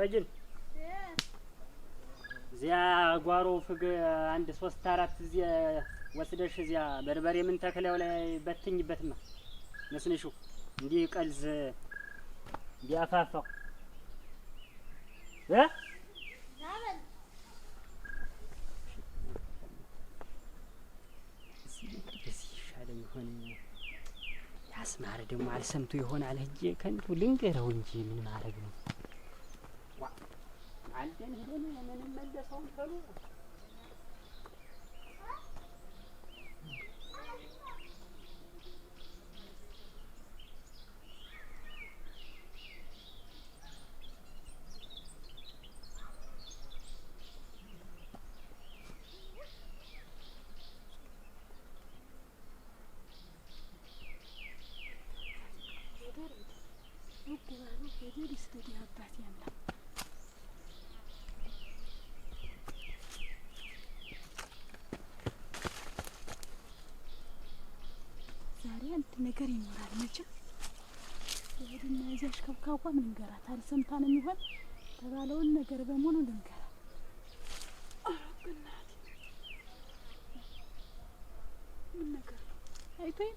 ረጅም እዚያ ጓሮ ፍግ አንድ ሶስት አራት እዚያ ወስደሽ እዚያ በርበሬ ምን ተክለው ላይ በትኝበትማ መስንሹ እንዲህ ቀልዝ ቢያፋፋው እ ያስማረ ደግሞ አልሰምቱ ይሆናል። ሂጄ ከንቱ ልንገረው እንጂ ምን ማድረግ ነው? አንዴን ሄደን ምንም መለሰውን ተሉ ነገር ይኖራል መቼም። ይሄድና እዚያ አሽከብካቧ ምን ንገራት አልሰምታን የሚሆን ተባለውን ነገር በሙሉ ልንገራት። ምን ነገር ነው አይቶኝ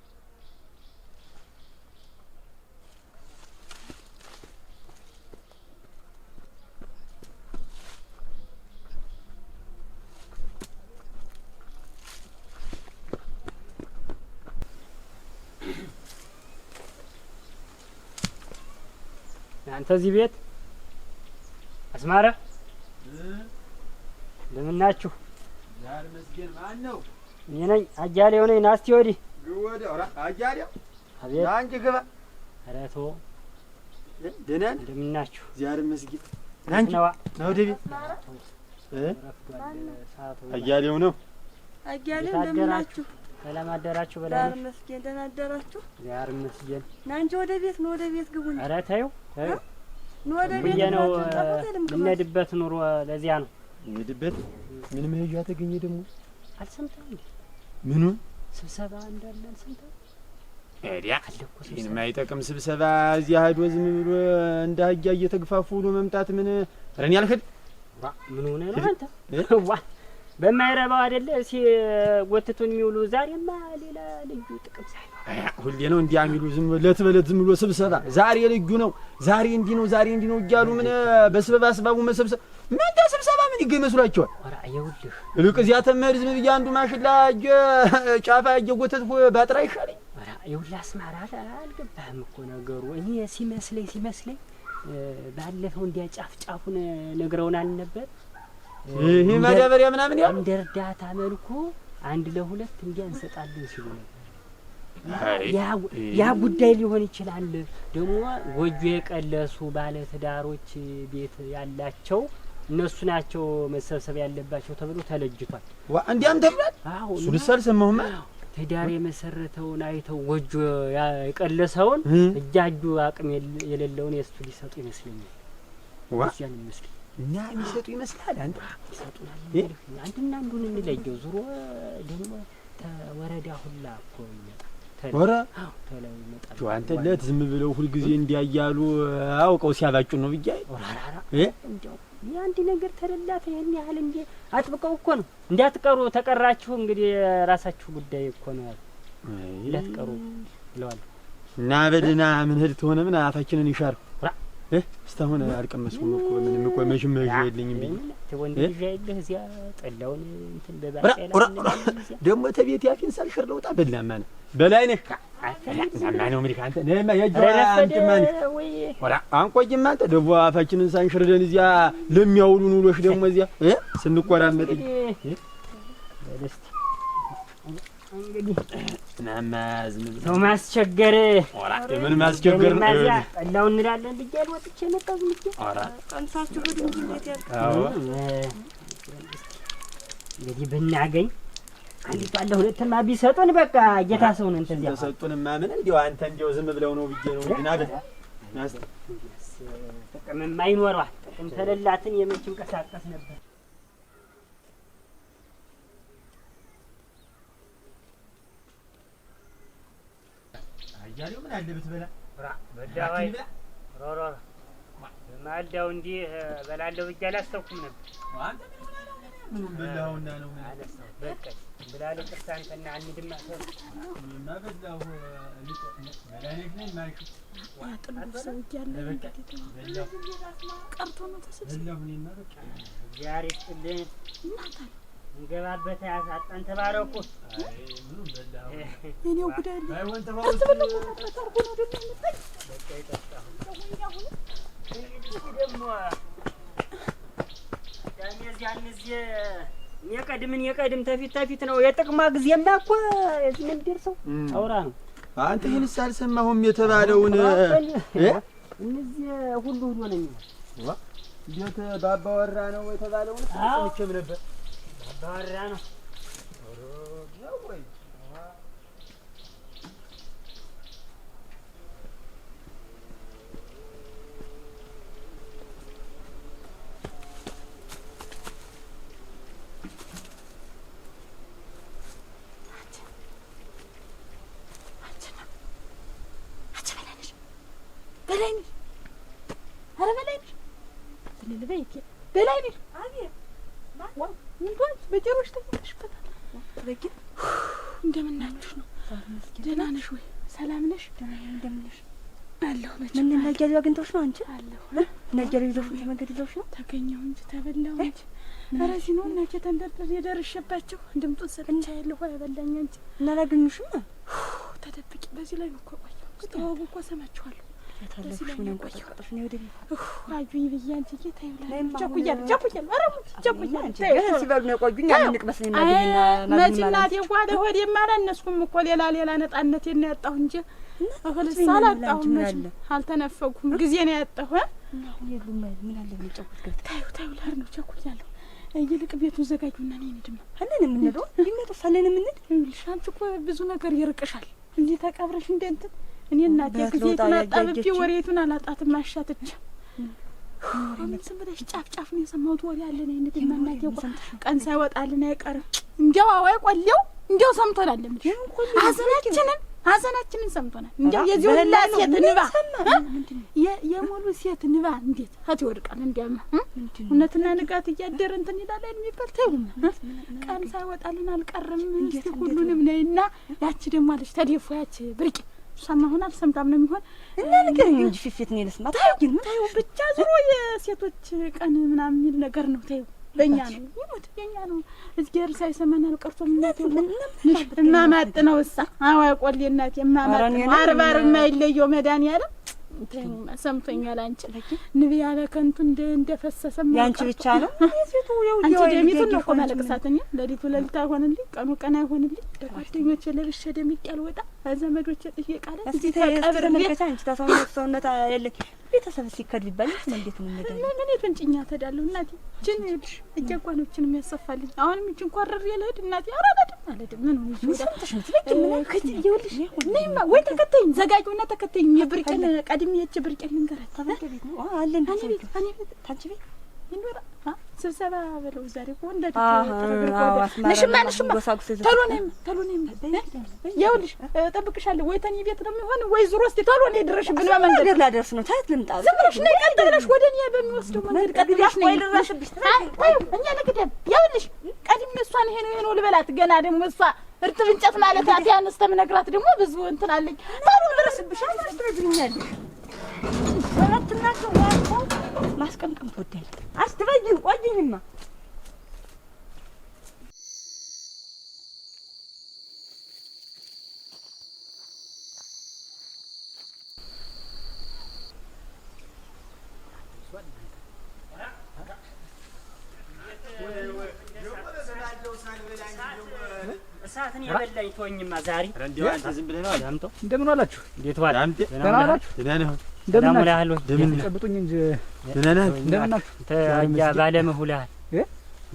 አንተ እዚህ ቤት አስማረ እንደምናችሁ? ዛር መስገን ማን ነው? እኔ ነኝ አጃሌ ሆነኝ። ናስቲ ወዲህ ወዲህ። ኧረ አጃሌ አቤት። አንቺ ግባ። ኧረ ተው። ደህና እንደምናችሁ? ዛር መስገን ናንቺ ነው ወዲህ ቤት እ አጃሌው ነው። አጃሌው እንደምናችሁ? ሰላም አደራችሁ በላይ ዳር መስገን ደህና አደራችሁ። ዳር መስገን ና እንጂ ወደ ቤት ነው፣ ወደ ቤት ግቡ። ኧረ ተይው ተይው ነው ወደ ቤት ነው። እንሂድበት ኑሮ ለዚያ ነው እንሂድበት። ምን መሄጃ ተገኘ ደግሞ አልሰምተም። ምኑ ስብሰባ እንዳለ አልሰምተም። ዲያ ይህን ማይጠቅም ስብሰባ እዚያ ሄዶ ዝም ብሎ እንደ አህያ እየተግፋፉ ብሎ መምጣት ምን ረን ያልክድ ምን ሆነ ነው አንተ በማይረባው አይደለ እሲ ጎትቱን የሚውሉ ዛሬማ ሌላ ልዩ ጥቅም ሳይኖር ሁሌ ነው እንዲያ የሚሉ ዝም ለት በለት ዝም ብሎ ስብሰባ ዛሬ ልዩ ነው፣ ዛሬ እንዲህ ነው፣ ዛሬ እንዲህ ነው እያሉ ምን በስበብ አስባቡ መሰብሰብ ምን ስብሰባ ምን ይገኝ መስሏቸዋል? ኧረ አይውልህ ልቅ እዚያ ተመድ ዝም ብዬ አንዱ ማሽላ እጀ ጫፋ እየጎተትኩ ባጥራ ይሻለኝ። ኧረ አይውልህ አስማራ አልገባህም እኮ ነገሩ። እኔ ሲመስለኝ ሲመስለኝ ባለፈው እንዲያ ጫፍ ጫፉን ነግረውናል ነበር ይህ ማዳበሪያ ምናምን ያው እንደ እርዳታ መልኩ አንድ ለሁለት እንዲያ እንሰጣለን ሲሉ ነው። ያ ጉዳይ ሊሆን ይችላል። ደግሞ ጎጆ የቀለሱ ባለ ትዳሮች ቤት ያላቸው እነሱ ናቸው መሰብሰብ ያለባቸው ተብሎ ተለጅቷል። እንዲያም ተብሏል። እሱ ልስ ሰማሁማ ትዳር የመሰረተውን አይተው ጎጆ የቀለሰውን እጃጁ አቅም የሌለውን የእሱ ሊሰጡ ይመስለኛል። እዚያን ይመስል እና የሚሰጡ ይመስላል። አንተ አንድና አንዱን እንለየው። ዙሮ ደግሞ ተወረዳ ሁላ እኮ ወረ አንተ ለት ዝም ብለው ሁልጊዜ እንዲያያሉ አውቀው ሲያባጩ ነው ብዬ እንዲያው የአንድ ነገር ተደላተ ይህን ያህል እንዲ አጥብቀው እኮ ነው እንዳትቀሩ ተቀራችሁ እንግዲህ ራሳችሁ ጉዳይ እኮ ነው ያሉ እንዳትቀሩ ብለዋል። እና በልና ምን ህድ ትሆነ ምን አፋችንን ይሻር እስካሁን አልቀመስኩም እኮ ምንም እኮ መዥመዣ የለኝም ብዬ ደግሞ ተቤት ያፊን ሳልሽር ለውጣ በላማ ነው በላይ ነህ ማ ነው ምሪካ አንተ ነማ የጅማን ወራ አንቆጅማ አንተ ደቦ አፋችንን ሳንሽርደን እዚያ ደግሞ እዚያ ስንቆራመጥ እንግዲህ ሰው ማስቸገር ምን ማስቸገር ነው? ጠላው እንላለን ወጥቼ መጣሁ። ቀምሳችሁ እንጂ እንግዲህ ብናገኝ አንዲቷ አለ ሁለትማ ቢሰጡን በቃ ጌታ ሰውን እንትን ሰጡንማ ምን እንዲያው አንተ እንዲያው ዝም ብለው ነው ብዬ ነው ጥቅም ተለላትን የመች ነበር እያሌው ምን አለ ብትበላ ሮሮ ማልዳው እንዲህ በላለሁ ብዬ አላሰብኩም ነበር። ምኑን በላኸውና ነው? ነው ተሰብስበው እንገባበት አሳጣን። ተባረኩ። እኔው ጉዳይ የቀድምን የቀድም ተፊት ተፊት ነው የጥቅማ ጊዜማ እኮ እዚህ ምን ደርሰው አውራ ነው። አንተ ይህንስ አልሰማሁም የተባለውን እነዚህ ሁሉ ሁሉ ነው ቤት ባባወራ ነው የተባለውን ሰምቼም ነበር። reano! Barrano, güey. ነጋዴው አግኝቶሽ ነው አንቺ? ነጋዴው ይዞሽ ነው መንገድ ይዞሽ ነው? ተገኘሁ እንጂ ተበላሁ እንጂ ኧረ ነው እናቴ ተንደርድሬ የደረሸባቸው ድምጡን ሰምቻ ያለሁ ያበላኝ እንጂ እና አላገኙሽም? ተደብቂ በዚህ ላይ እኮ ቆየሁ። ተዋቡ እኮ ሰማችኋለሁ። መች እናቴ ጓደ ሆዴማ አላነስኩም እኮ ሌላ ሌላ ነጻነቴን ነው ያጣሁ እንጂ አላጣሁም፣ አልተነፈኩም። ጊዜ ነው ምን አለ ታዩ ታዩ ላር ነው ይልቅ ቤቱን እኔ አለን የምንለው የምንል ይኸውልሽ፣ አንቺ እኮ ብዙ ነገር ይርቅሻል። እንደ እንትን እኔ እናቴ ወሬቱን አላጣትም። አሻትች ዝም ብለሽ ጫፍ ጫፍ ነው የሰማሁት ወሬ እናቴ ቀን ሳይወጣልን አይቀርም። እንዲያው አዋይ ቆሌው እንዲያው ሰምቶናል። አዝናችንን ሀዘናችንን ሰምቶናል። እንዲያው የዚህ ሁላ ሴት ንባ የሙሉ ሴት ንባ እንዴት አት ይወድቃል። እንዲያማ እውነትና ንጋት እያደረ እንትን ይላል የሚባል ተይውም ቀን ሳይወጣልን አልቀርም። እስቲ ሁሉንም ነይና ያቺ ደግሞ አለች ተደፎ ያቺ ብርቂ ሰማ ሆና አልሰምታም ነው የሚሆን እና ንገሪኝ እንጂ ፊፊት ነው ልስማ። ታዩ ግን ብቻ ዝሮ የሴቶች ቀን ምናምን የሚል ነገር ነው ታዩ ለእኛ ነው ይሙት የእኛ ነው። እዝጌር ሳይሰማን አልቀርቶ ምናት እማማጥ ነው እሳ አዋ ቆሌ እናት የማማጥ ነው። አርባር የማይለየው መዳን መድኃኒዓለም ሰምቶኛል። አንቺ ንብ ያለ ከንቱ እንደ እንደፈሰሰ ያንቺ ብቻ ነው። አንቺ ደሚቱ ነው እኮ ማለቅሳት። እኔ ሌሊቱ ሌሊት አይሆንልኝ፣ ቀኑ ቀን አይሆንልኝ። ጓደኞቼ ለብሼ ደምቄ አልወጣ ዘመዶቼ ጥዬ ቃለ እዚህ ተቀብር ነቻ አንቺ ታሰውነት ሰውነት አለኝ ቤተሰብ ሲከድ ቢባል ምን እንዴት ነው ነገር ነው? እኔ ፈንጭኛ ተዳለሁ እናቴ ጅን ይልሽ እጀጓኖችን የሚያሰፋልኝ አሁንም እጅ እንኳን ረር የለህድ እናቴ አራዳድ ማለት ምን ነው ይወዳሽ ምን ከት ይወልሽ ነይማ ወይ ተከተኝ ዘጋጁና ተከተኝ የብርቄን ቀድሜ የች ብርቄን ልንገራት ታባቂ ቤት ነው አለን አንቺ ቤት አንቺ ቤት ታንቺ ቤት ስብሰባ በለው ዛሬ እኮ ንሽማ ንሽማ ቶሎ ቶሎ ይኸውልሽ እጠብቅሻለሁ ወይ ቤት ነው የሚሆን ወይ ዙሮ እስኪ ቶሎ በመንገድ ላደርስ ነው ታየት ልምጣ ዝም ብለሽ ነይ ቀጥ ብለሽ ወደ እኔ በሚወስደው መንገድ ቀጥ ብለሽ ነይ እኛ ይኸውልሽ ቀድሜ እሷን ይሄ ነው ይሄ ነው ልበላት ገና ደግሞ እሷ እርጥብ እንጨት ማለት ያን እስከምነግራት ደግሞ ብዙ እንትን አለኝ ቶሎ ማስቀምጥም ትወዳለህ? አትበይም። ቆይኝማ ሰዓትን እንደምን ዋላችሁ? እንዴት ዋል? ደህና ዋላችሁ? እንደምን ውለሃል? ጨብጡኝ እንጂ እንደምን ናችሁ? ተያ ባለምህ ውለሃል፣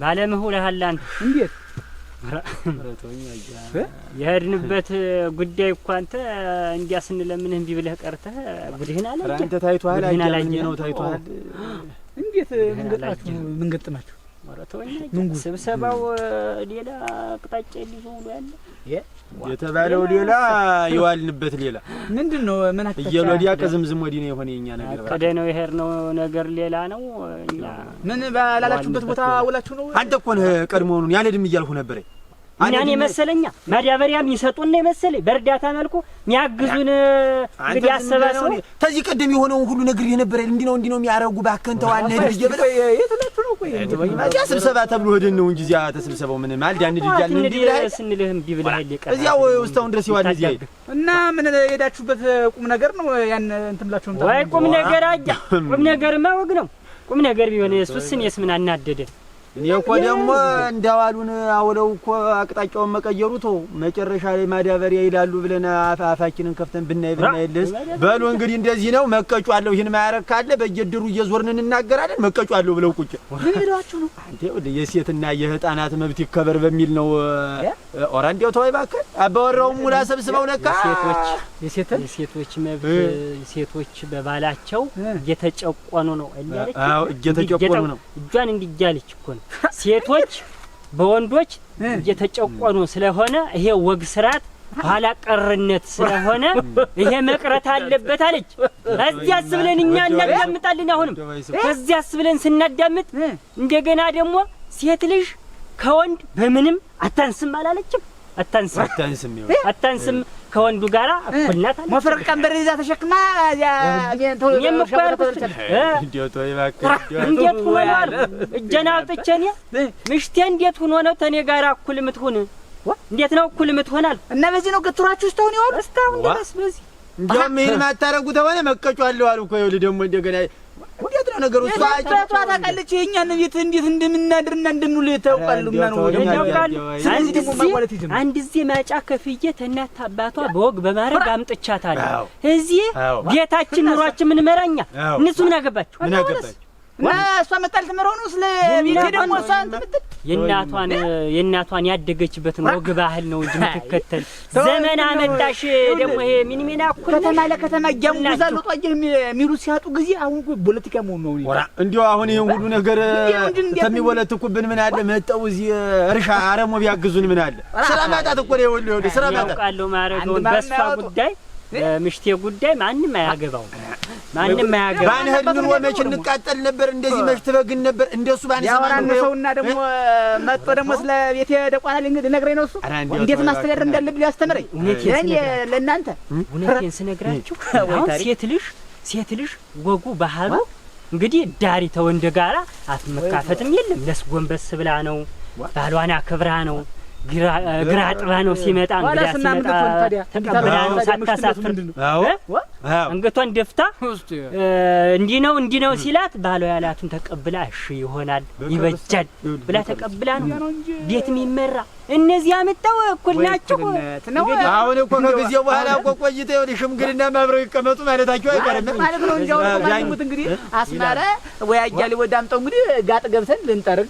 ባለምህ ውለሃል። አንተ እንዴት የሄድንበት ጉዳይ እኮ አንተ እንዲያ ስንለምንህ እምቢ ብለህ ቀርተህ ጉድህን አለ። አንተ ታይቷል፣ ጉድህን ነው። ታይቷል። እንዴት ምን ገጥማችሁ? ኧረ ተወኝ። ስብሰባው ሌላ አቅጣጫ ይዞ ውሎ ያለ የተባለው ሌላ የዋልንበት ሌላ ምንድን ነው? ምን አቅጣጫ እየሎዲያ ቅዝምዝም ወዲህ ነው የሆነ የኛ ነገር አቅደ ነው የሄድነው ነገር ሌላ ነው። ምን ባላላችሁበት ቦታ ውላችሁ ነው። አንተ እኮ ነህ ቀድሞውኑን ያልሄድም እያልኩ ነበር። እኛን የመሰለኛ ማዳበሪያ ይሰጡና ነው የመሰለኝ በእርዳታ መልኩ የሚያግዙን እንግዲህ አሰባሰቡ። ከዚህ ቀደም የሆነውን ሁሉ ነግሬህ ነበረ። እንዲህ ነው እንዲህ ነው የሚያረጉ። እባክህን ተው አንሄድም እየበለ መቼ ስብሰባ ተብሎ ሄደን ነው እንጂ እዚያ ተሰብሰበው ምን ማለት ያን ልጅ ያለ እንዴ ስንልህ እምቢ ብለህ ይቀር እዚያው ውስጣውን ድረስ ይዋል እዚህ እና ምን ሄዳችሁበት ቁም ነገር ነው ያን እንትን ብላችሁ ወይ ቁም ነገር አያ ቁም ነገርማ ወግ ነው ቁም ነገር ቢሆን እሱስ እኔስ ምን አናደደ እኔ እኮ ደግሞ እንዳዋሉን አውለው እኮ አቅጣጫውን መቀየሩ ተው፣ መጨረሻ ላይ ማዳበሪያ ይላሉ ብለን አፋችንን ከፍተን ብናይ ብናይልስ። በሉ እንግዲህ እንደዚህ ነው። መቀጩ አለው ይህን ማያረግ ካለ በየድሩ እየዞርን እንናገራለን። መቀጩ አለው ብለው ቁጭ ነው እንዴ? የሴትና የህጣናት መብት ይከበር በሚል ነው። ኦራ እንዲያው ተወይ እባክህ። አባወራውም ሙላ ሰብስበው ነካ ሴቶች የሴቶች መብት ሴቶች በባላቸው እየተጨቆኑ ነው፣ እየተጨቆኑ ነው። እጇን እንዲያለች እኮ ነው ሴቶች በወንዶች እየተጨቆኑ ስለሆነ ይሄ ወግ ስርዓት ኋላ ቀርነት ስለሆነ ይሄ መቅረት አለበት አለች። እዚህ አስብለን እኛ እናዳምጣለን። አሁንም ከዚህ አስብለን ስናዳምጥ እንደገና ደግሞ ሴት ልጅ ከወንድ በምንም አታንስም አላለችም። አታንስም አታንስም ከወንዱ ጋር እኩል ናት። መፍረቅ ቀንበር ይዛ ተሸክማ እንዴት ሆኖ ነው እጄን አውጥቼ እኔ ምሽቴ እንዴት ሆኖ ነው ተኔ ጋር እኩል የምትሆን? እንዴት ነው እኩል የምትሆናል? እና በዚህ ነው ገትሯችሁ እስካሁን ይሆን እስካሁን ድረስ በዚህ እንዲያውም ይሄን ማታረጉ ተሆነ መቀጫለሁ አሉ እኮ። ይኸውልህ ደግሞ እንደገና እንዴት ነው ነገሩ? ታጭቷ ታውቃለች። የእኛን ቤት እንዴት እንደምናድርና እንደምንውል ታውቃሉ። አንድ እዚህ ማጫ ከፍዬ ተናት አባቷ በወግ በማድረግ አምጥቻታለሁ። እዚህ ጌታችን ኑሯችን ምን መራኛ እነሱ ምን አገባቸው? ምን አገባቸው? እና እሷ መጣል ትምረሆኑ ስለ ቤቴ ደግሞ እሷ እንትን ብትል የእናቷን የእናቷን ያደገችበትን ወግ ባህል ነው እንጂ የምትከተል ዘመን አመጣሽ። ደግሞ ይሄ ሚኒሚና እኩል ከተማ ለከተማ እያሙዛሉ ጧጀ የሚሉ ሲያጡ ጊዜ አሁን ፖለቲካ መሆኑ ነው። እንዲሁ አሁን ይህን ሁሉ ነገር ከሚወለትኩብን ምን አለ መጠው እዚህ እርሻ አረሞ ቢያግዙን ምን አለ ስራ ማጣት እኮ ነው። ይኸውልህ ይኸውልህ ስራ ማጣት ያውቃለሁ ማድረገውን በእሷ ጉዳይ ምሽቴ ጉዳይ ማንም አያገባውም። ማንም ያገባ ባንሄድ ኑሮ መች እንቃጠል ነበር፣ እንደዚህ መች ትበግን ነበር። እንደሱ ባን ባንሰማ ነው ሰውና ደግሞ መጥቶ ደግሞ ስለ ቤቴ ደቋላ ሊነግረኝ ነው። እሱ እንዴት ማስተዳደር እንዳለብኝ ሊያስተምረኝ እኔ ለእናንተ እውነቴን ስነግራችሁ አሁን ሴት ልጅ ሴት ልጅ ወጉ ባህሉ እንግዲህ ዳሪ ተወንድ ጋራ አትመካፈትም የለም። ለስ ጎንበስ ብላ ነው ባሏን አክብራ ነው ግራ ጥባ ነው ሲመጣ እንግዳ ሲመጣ ተቀብላ ነው ሳታሳፍር አንገቷን ደፍታ እንዲህ ነው እንዲህ ነው ሲላት ባሏ ያላቱን ተቀብላ እሺ ይሆናል ይበጃል ብላ ተቀብላ ነው ቤትም ይመራ። እነዚህ አመጣው እኩል ናችሁ። አሁን እኮ ከጊዜ በኋላ እኮ ቆይተ ይኸውልሽ ሽምግልና አብረው ይቀመጡ ማለታቸው አይቀርም ማለት ነው። እንዲያው እንግዲህ አስማረ ወይ አያሌ ወዳምጠው እንግዲህ ጋጥ ገብተን ልንጠርግ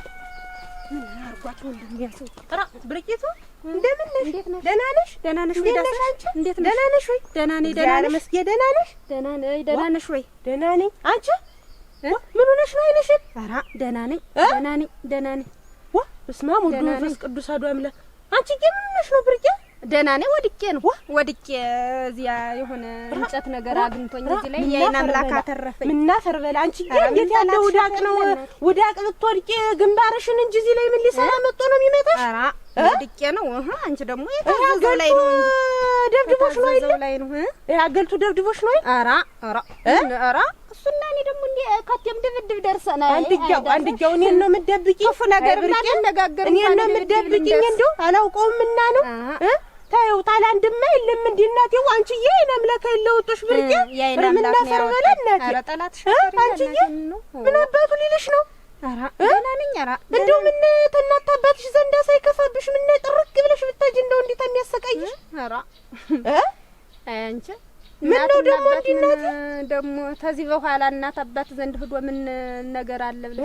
ምን አርጓት ወንድም ያሰው ጥራ ብርቂቱ ደህና ደህና ደህና ደህና ነኝ። ደህና ደህና ደህና ነኝ። ደህና ደህና ነኝ። ነው? አይነሽን? ኧረ ደህና ነኝ። ደህና ነኝ። ደህና ነኝ። ቅዱስ አሐዱ አምላክ። አንቺ ግን ምን ነው ብርቄ? ደህና ነኝ። ወድቄ ነው ወድቄ እዚያ የሆነ እንጨት ነገር አግኝቶኝ እዚህ ላይ ያይና አምላክ አተረፈኝ። ምናፈር በላ አንቺ እንዴት ያለ ውዳቅ ነው ውዳቅ ብትወድቄ ግንባርሽን እንጂ እዚህ ላይ ምን ሊሰራ መጥቶ ነው የሚመጣሽ? ኧረ ወድቄ ነው። እህ አንቺ ደግሞ የታዘዘው ላይ ነው ደብድቦሽ ነው አይደል? ያገልቱ ደብድቦሽ ነው አይደል? ኧረ ኧረ ኧረ እሱና እኔ ደግሞ እንደ ከቴም ድብድብ ደርሰናል። አንድጃው አንድጃው እኔን ነው የምትደብቂኝ? ክፉ ነገር እናነጋገር እኔን ነው የምትደብቂኝ? እንደው አላውቀውም እና ነው ታየው ታላ አንድማ የለም እንደ እናቴ አንቺዬ የኔ አምላክ ያለውጥሽ ብርቄ ምንና ፈርበለ እናቴ አንቺዬ ምን አባቱ ሊልሽ ነው? እንደው ምን ተናት አባትሽ ዘንዳ ሳይከፋብሽ ምን ጥርቅ ብለሽ ብታጅ እንደው እንዴት የሚያሰቃይሽ አንቺ ምን ነው ደግሞ እንዲናት ደግሞ ከዚህ በኋላ እናት አባት ዘንድ ሂዶ ምን ነገር አለ ብለ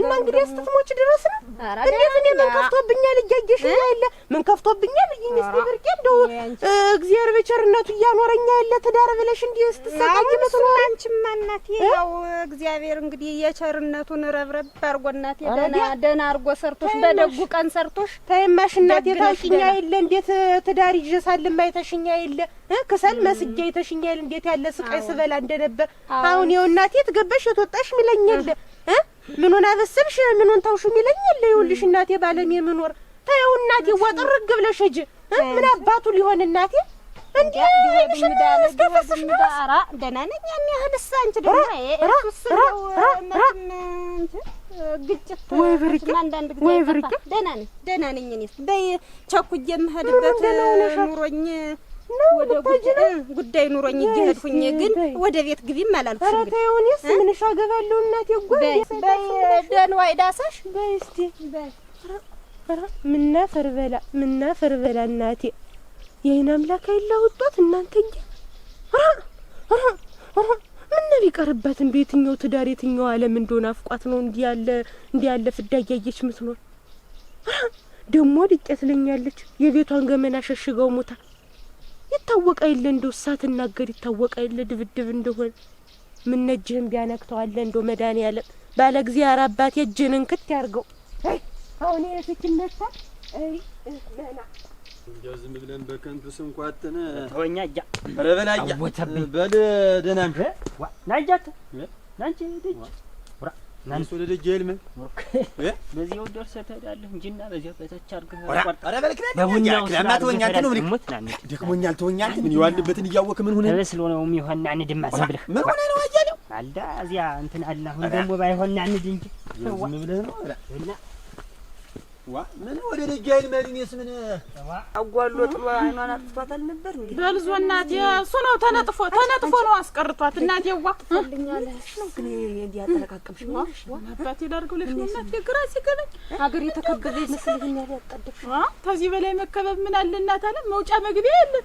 እና እንግዲህ ስትሞች ድረስ ነው። እንዴት እኔ ምን ከፍቶብኛል? እያየሽ ያለ ምን ከፍቶብኛል? ይኝስ ብርቄ እንደው እግዚአብሔር በቸርነቱ እያኖረኛ ያለ ትዳር ብለሽ እንዲህ ስትሰቃይ መስሎ አንቺማ እናቴ ያው እግዚአብሔር እንግዲህ የቸርነቱን ረብረብ አድርጎ እናቴ ደና ደህና አድርጎ ሰርቶሽ በደጉ ቀን ሰርቶሽ ተይማሽ እናቴ ታውቂኛ የለ እንዴት ትዳር ይዤ ሳልማ አይተሽኛ የለ ክሰል መስጃ የተሽኛል። እንዴት ያለ ስቃይ ስበላ እንደነበር አሁን ይኸው እናቴ የትገባሽ የተወጣሽ ሚለኝ የለ ምኑን አበሰልሽ ምኑን ታውሽ ሚለኝ የለ። ይኸውልሽ እናቴ ባለም የምኖር ተይው እናቴ ዋጥር ግብለሽ ሂጂ። ምን አባቱ ሊሆን እናቴ እንዴ አይንሽን እስከፈስሽ ደህና ነኝ። ያን ያህልስ አንቺ ደግሞ ግጭት ወይ ብርቄ ወይ ብርቄ ደህና ነኝ እኔ በይ ቸኩዬ የምሄድበት ኑሮኝ ወደ ጉዳይ ኑሮኝ እየሄድኩኝ ግን ወደ ቤት ግቢም ኧረ ተይው፣ እኔስ እናቴ። በይ ደህና ዋይ ዳሳሽ በይ እስኪ ምናፈር በላ ምናፈር እናቴ። አምላክ እናንተ እንጂ ምነው በየትኛው ትዳር የትኛው ዓለም እንደሆነ አፍቋት ነው እንዲህ ያለ እንዲህ ያለ ፍዳ እያየች ምትኖር። ደግሞ የቤቷን ገመና ሸሽገው ሙታ የታወቀ የለ እንዶ ሳትናገር የታወቀ የለ ድብድብ እንደሆን ምን እጅህን ቢያነክተዋለ እንዶ መድኃኒዓለም ባለ ጊዜ አራባት እጅህን እንክት ያርገው። አሁን የፊት ይነሳ ለና እንዲያው ዝም ብለን በከንቱ ስንኳትነ ተወኛ እጃ ረበላ እጃ በል ደህና ናጃት ናንቺ ድጅ አንተ ወደ ደጅ አይልም እ በዚያው ደርሰህ ትሄዳለህ እንጂና በዚያ በታች አድርገህ ቆርጠህ ኧረ በልክ ነህ። በቡናው ስለማ ተወኝ አንተ ነው ምን ደክሞኛል። ተወኝ አንተ ምን የዋልንበትን እያወቅህ ምን ሆነህ ነው ስለው ነው የሚሆን አንድ ማሰብ ብለህ ምን ሆነህ ነው አያሌው አልዳ እዚያ እንትን አለ። አሁን ደግሞ ባይሆን አንድ እንጂ ዝም ብለህ ነው እና ምን ወደ ደጅ አይን ምን አጓሎ ጥሎ አይኗን አጥፍቷታል ነበር እንዴ? በል እናቴ፣ እሱ ነው ተነጥፎ ተነጥፎ ነው አስቀርቷት። እናቴ ዋ ነው አባቴ የተከበበ ይመስልኛል። ከዚህ በላይ መከበብ ምን አለ እናት አለ መውጫ መግቢያ የለን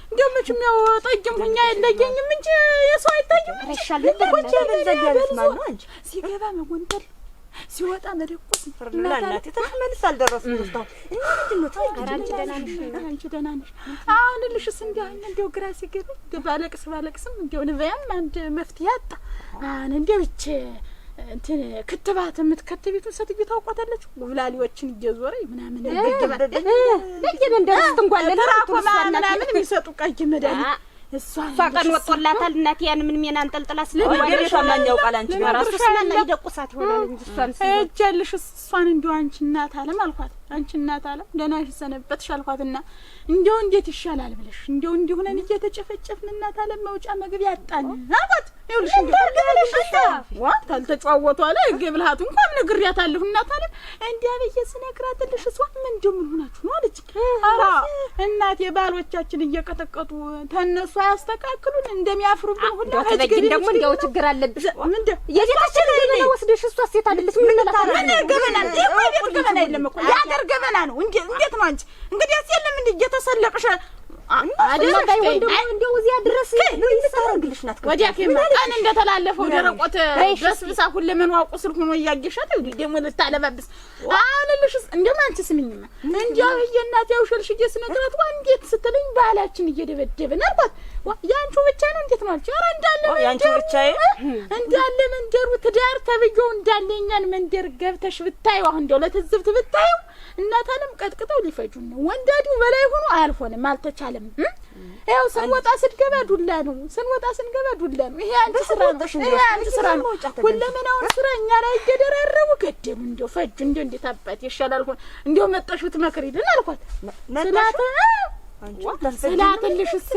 እንደው መቼም ያው ጠይም ሁኛ አይለየኝም እንጂ የሰው አይታይም እንጂ አንቺ ሲገባ መጎንጠል ሲወጣ መደቆስ እናቴ ተመልስ አልደረስም። ስታሁ እኔ ምንድን ነው አንቺ ደህና ነሽ? አሁን ልሽስ እንዲያውም እንዲያው ግራ ሲገባ ባለቅስ ባለቅስም እንዲያው ንበያም አንድ መፍትሄ አጣ አሁን እንዲያው ይቼ ክትባት የምትከትቢቱን ሴትዮ ታውቋታለች። ጉብላሊዎችን እየዞረ ምናምን በየመንደር ምናምን የሚሰጡ ቀይ መድኃኒት እሷ ቀን ወጥቶላታል። እናቴ ያን ምን ሜና አንጠልጥላ ስለማኛውቃል አንቺ ራሱ ስለማይደቁሳት ይሆናል እንጂ እሷን እጃለሽ እሷን እንዲሁ አንቺ እናት አለም አልኳት አንቺ እናት አለ ደህና ሰነበትሽ አልኳትና እንደው እንዴት ይሻላል ብለሽ እንደው እንዲሁ ነን እየተጨፈጨፍን እናት አለ መውጫ መግቢያ ያጣን አባት ይኸውልሽ እንደው ዋ ታልተጫወቱ አለ ገብልሃት እንኳን ነግሬያታለሁ እናት አለ እንዲያ በየ ስነግራትልሽ እሷ ምን እንደው ምን ሆናችሁ ነው አለች ኧረ እናቴ ባሎቻችን እየቀጠቀጡ ተነሱ አያስተካክሉን እንደሚያፍሩብን ሁሉ አትበይኝ ደግሞ እንደው ችግር አለብሽ ምን የቤታችን ወስደሽ እሷ ሴት አይደለች ምን ታረጋለሽ ምን ገበና ይሄ እኮ የቤት ገበና የለም እኮ የሀገር ገበና ነው። እንዴት ነው አንቺ እንግዲህ ያስ የለም እንዴ እየተሰለቅሽ እንደው እዚያ ድረስ ልታረግልሽ ናት። ወዲያ ቀን እንደተላለፈው ደረቆት በስብሳ ሁለመን ዋቁ ስል ሆኖ እያጌሻት ደግሞ ልታለባብስ አሁንልሽስ እንደው አንቺ ስምኝማ እንዲያው እየእናት ያው ሸልሽዬ ስነግራት እንዴት ስትለኝ ባህላችን እየደበደብን አልኳት። የአንቺ ብቻ ነው እንዴት ነው አልች። ኧረ እንዳለ እንዳለ መንደሩ ትዳር ተብዬው እንዳለ እኛን መንደር ገብተሽ ብታዩ አሁን እንደው ለትዝብት እናታንም ቀጥቅጠው ሊፈጁን ነው። ወንዳዲው በላይ ሆኖ አልሆንም፣ አልተቻለም። ያው ስንወጣ ስንገባ ዱላ ነው፣ ስንወጣ ስንገባ ዱላ ነው። ይሄ አንቺ ስራ ነው፣ ይሄ አንቺ ስራ ነው። ሁለመናውን ስራ እኛ ላይ እየደራረቡ ገደሉ። እንዲያው ፈጁ፣ እንዲያው እንዴት አባት ይሻላል ሆነ እንዲያው መጣሽ ትመክሪልን አልኳት ስላት ስላትልሽስ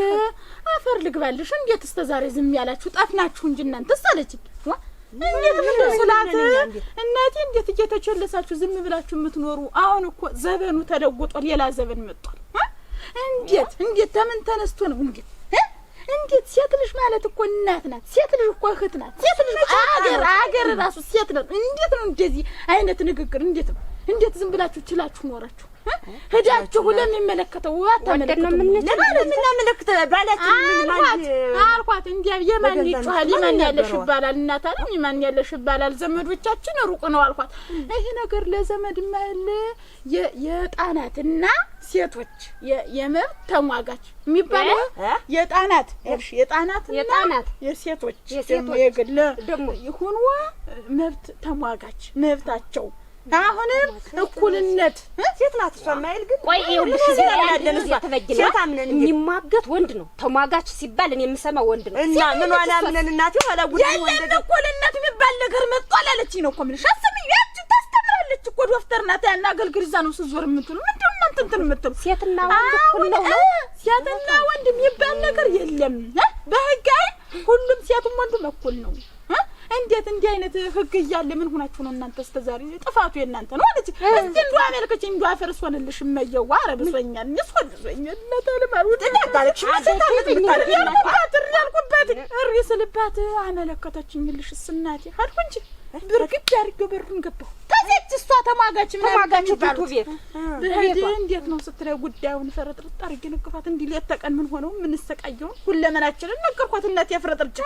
አፈር ልግባልሽ እንዴት እስከ ዛሬ ዝም ያላችሁ ጠፍናችሁ እንጂ እናንተስ አለችኝ። እንዴት ምንድን ስላት እናቴ እንዴት እየተቸለሳችሁ ዝም ብላችሁ የምትኖሩ? አሁን እኮ ዘበኑ ተለውጦ ሌላ ዘበን መጥቷል። እንዴት እንዴት ተምን ተነስቶ ነው እንዴት እንዴት ሴት ልጅ ማለት እኮ እናት ናት። ሴት ልጅ እኮ እህት ናት። ሴት ልጅ አገር አገር ራሱ ሴት ናት። እንዴት ነው እንደዚህ አይነት ንግግር? እንዴት ነው እንዴት ዝም ብላችሁ ችላችሁ ኖራችሁ እዳችሁ ለሚመለከተው ወታመለከተው ለማለት እናመለክተው ባላችሁ ምን አልኳት። እንዲያ የማን ይጮሃል የማን ያለሽ ይባላል። እናት አለኝ የማን ያለሽ ይባላል። ዘመዶቻችን ሩቅ ነው አልኳት። ይሄ ነገር ለዘመድ ማለ የጣናትና ሴቶች የመብት ተሟጋች የሚባለው የጣናት የሴቶች ደግሞ ይሁንዋ መብት ተሟጋች መብታቸው አሁንም እኩልነት ሴት ናት እሷ ማይል ግን ቆይ ይኸውልሽ እዚህ ያለን እሷ ሴት አምነን የሚሟገት ወንድ ነው። ተሟጋች ሲባል እኔ የምሰማው ወንድ ነው። እና ምን ዋና ምንን እናቴ ኋላ ጉድ ነው ወንድ ነው እኩልነት የሚባል ነገር መጥቷል አለችኝ ነው እኮ የምልሽ። አስብኝ ያቺ ታስተምራለች እኮ ዶክተር ናት። ያና አገልግል እዛ ነው ስዞር የምትሉ ምንድን ነው እናንተ እንትን የምትሉ ሴትና ወንድ እኩል ነው ነው ሴትና ወንድ የሚባል ነገር የለም በህጋይ ሁሉም ሴቱም ወንዱም እኩል ነው። እንዴት እንዲህ አይነት ህግ እያለ ምን ሆናችሁ ነው እናንተ? እስከ ዛሬ ጥፋቱ የእናንተ ነው አለች። እስቲ እንዱ አመልከች እንዱ አፈርስ ሆንልሽ መየዋ ረብሶኛል ንስሆንልሶኛል ነተልማል ውጥዳጋለች ያልኩባት ያልኩባት እሪ ስልባት አመለከተችኝ ስናቴ አልኩ እንጂ ብርግድ በሩን ገባሁ እዚች እሷ ተሟጋች ተሟጋች ባሉ ቤት ብሄድ እንዴት ነው ስትለው ጉዳዩን ፈረጥርጥ አድርጌ ነገርኳት። እንዲህ ሌት ተቀን ምን ሆነው የምንሰቃየውን ሁለመናችንን ነገርኳት። እናት የፍረጥርጭ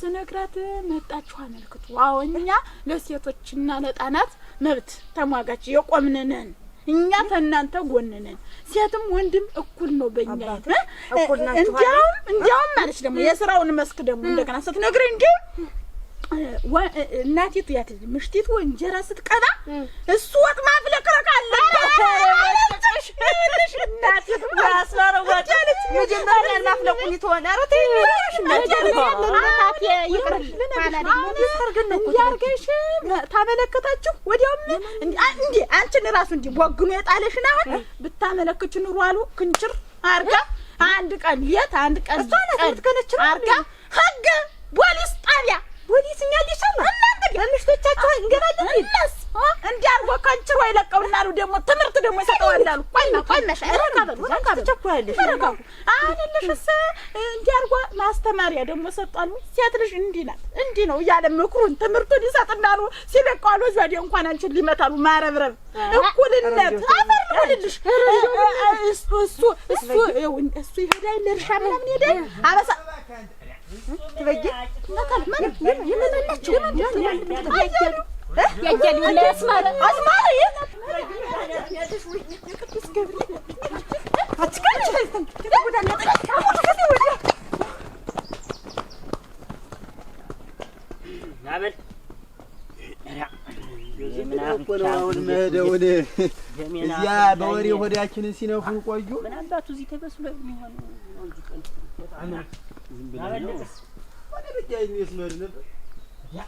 ስነግራት መጣችሁ አመልክቱ። አዎ እኛ ለሴቶችና ለጣናት መብት ተሟጋች የቆምንንን እኛ ከእናንተ ጎን ሴትም ወንድም እኩል ነው በእኛ እንዲያውም እንዲያውም ማለች ደግሞ የስራውን መስክ ደግሞ እንደገና ስትነግረኝ እንዲሁ እናቴ ያት ምሽቲት እንጀራ ስትቀባ እሱ ወጥ ማፍለቅለቅ አለብሽ። ታመለከታችሁ። ወዲያውም እንዲ አንቺን ራሱ እንዲ የጣለሽን አሁን ብታመለክች ኑሮ አሉ ክንችር አርጋ አንድ ቀን የት አንድ ቀን አርጋ ህግ ፖሊስ ጣቢያ ወዲህ ስኛል ይሻማ እናንተ በምሽቶቻችሁ እንገባለን። እናስ እንዲህ አድርጎ ከንችሮ ይለቀውና ነው ደግሞ ትምህርት ደግሞ ይሰጠዋል አሉ። ቆይ ቆይመሻ ረካበሉ ትቸኩያለሽ። ረካቡ አለለሽስ እንዲህ አድርጎ ማስተማሪያ ደግሞ ሰጧል። ሴት ልጅ እንዲህ ናት እንዲህ ነው እያለ ምክሩን ትምህርቱን ይሰጥና ነው ሲለቀዋል። ወዲያ እንኳን አንቺን ሊመታሉ ማረብረብ እኩልነት አፈር ልልሽ እሱ እሱ እሱ ይሄዳል ለእርሻ ምናምን ይሄዳል አበሳ Ve git. Bakalım ben yemem ben çok. Yemem ben yemem. Ay canım. Gel gel öyle Asma. Asma ya. Hadi kaçarsın. Buradan ne kadar kamur kadar öyle. Ne haber? ወደ ወደ እዚያ በወሬ ሆዳችንን ሲነፉ ቆዩ ምናልባት እዚህ ተበስሎ የሚሆን Bizim Nereden belediye mi? getirsin? ne yayınlıyorsun öyle? Ya.